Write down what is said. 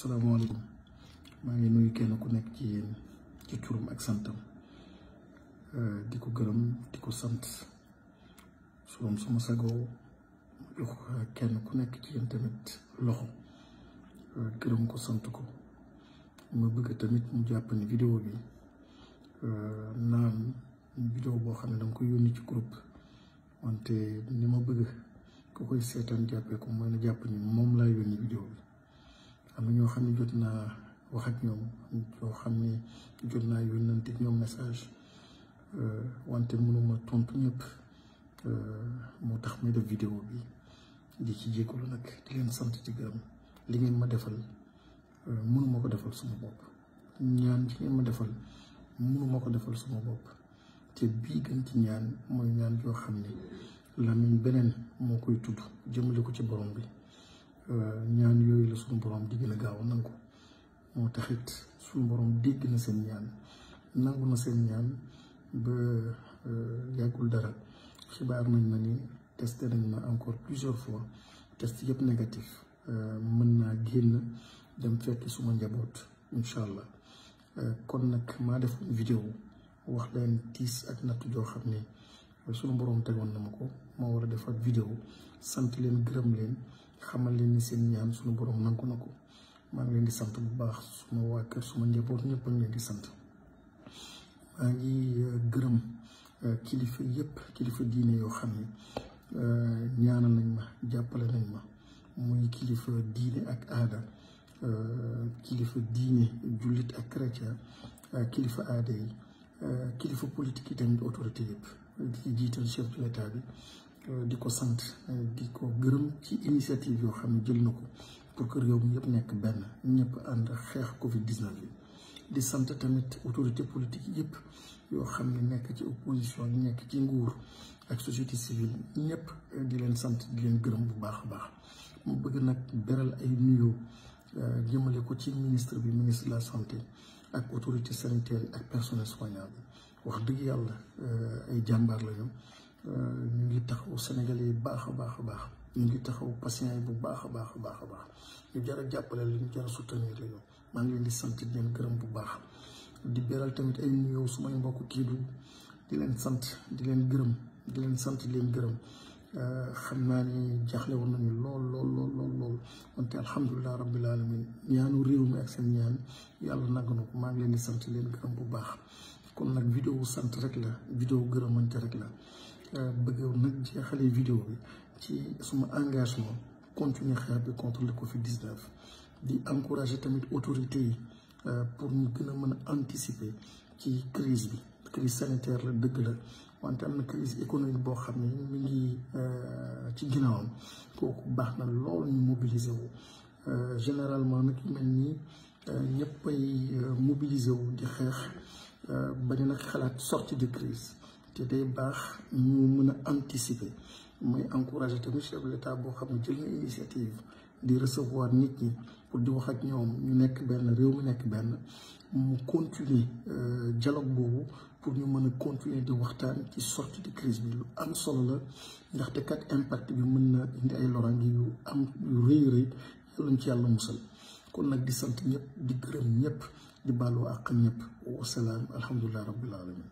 salaamaaleykum maa ngi nuyu kenn ku nekk ci yéen ci turam ak santam euh, di ko gërëm di ko sant soom suma sagoo jox kenn ku nekk ci yéen tamit loxo euh, gërëm ko sant ko ma bëgg tamit mu jàpp ni vidéo bi euh, naan vidéo boo xam ne danga ko yónni ci groupe wante ni ma bëgg ku koy seetaan jàppee ko mooy na jàpp ni moom laa yónni vidéo am na ñoo xam ne jot naa wax ak ñoom ñoo xam ne jot naa yónnante ñoom message euh, wante mënuma tontu ñëpp euh, moo tax may def vidéo bi di ci jégalu nag di leen sant ci gërëm li ngeen ma defal euh, mënuma ko defal suma bopp ñaan ci ma defal mënuma ko defal suma bopp te bii gën ci ñaan mooy ñaan yoo xam ne làmmiñ beneen moo koy tudd jëmale ko ci borom bi Euh, ñaan yooyu la suñu borom di gën a gaaw nangu moo taxit suñu borom dégg na seen ñaan nangu na seen ñaan ba euh, yàggul dara xibaar nañ ma ni test nañ ma encore plusieurs fois test yëpp négatif euh, mën naa génn dem fekki suma njaboot incha allah kon nag maa defoon vidéo wax leen tiis ak natt joo xam ni sunu borom tegoon na ma ko moo war a defal ak sant leen gërëm leen xamal leen ni seen ñaan sunu borom nangu na ko maa ngi leen di sant bu baax su ma waa kër ma njaboot ñëpp a ngi leen di sant maa ngi euh, gërëm euh, kilifa yëpp kilifa diine yoo xam ne euh, ñaanal nañ ma jàppale nañ ma muy kilifa diine ak aada kilifa diine jullit ak chrétien kilifa aada yi kilifa politique yi tamit autorité yëpp di ci jiital bi euh, di ko sant euh, di ko gërëm ci initiative yoo xam ne jël na ko pour kër réew mi yëpp nekk benn ñëpp ànd xeex Covid 19 bi di sant tamit autorité politique yëpp yoo xam ne nekk ci opposition nekk ci nguur ak société civile ñëpp euh, di leen sant di leen gërëm bu baax a baax mu bëgg nag beral ay nuyoo jëmale ko ci ministre bi ministre de la santé. ak autorité sanitaire yi ak personnel soignant bi wax dëgg yàlla euh, ay jàmbaar lañu ñu euh, ñu ngi taxaw Sénégalais yi baax a baax a baax ñu ngi taxaw patients yi bu baax a baax a baax a baax ñu jar a jàppale la ñu jar a soutenir la maa ngi leen di sant di leen gërëm bu baax di beral tamit ay nuyoo sumay mbokk kii du di leen sant di leen gërëm di leen sant di leen gërëm. Euh, xam naa ni jaxle woon nañu lool lool lool lool lool wante alhamdulilah rabbil alamin ñaanu réew mi ak seen ñaan yàlla nag na ko maa ngi leen di sant leen gërëm bu baax kon nag vidéo sant rek la vidéo gërëmante rek la euh, bëgg nag jeexalee vidéo bi ci suma engagement continuer xeex bi contre le Covid 19 di encourager tamit autorités yi euh, pour ñu gën a mën a anticiper ci crise bi. crise sanitaire la dëgg la wante am na crise économique boo xam ne mi ngi euh, ci ginnaawam kooku baax na lool ñu mobiliser wu euh, généralement nag mel nii euh, ñëpp ay mobiliser wu di xeex bañ nag xalaat sortie de crise te day baax ñu mën a anticiper mooy encourager tamit chef de boo xam ne jël na initiative di recevoir nit ñi pour di wax ak ñoom ñu nekk benn réew mu nekk benn mu continuer dialogue boobu pour ñu mën a continuer di waxtaan ci sortie de crise bi lu am solo la ndaxte kat impact bi mën na indi ay loraange yu am lu rëy rëy yàlla ñu ci yàlla musal kon nag di sant ñëpp di gërëm ñëpp di baalu àq ñëpp wasalaam alhamdulilah rabbil alamin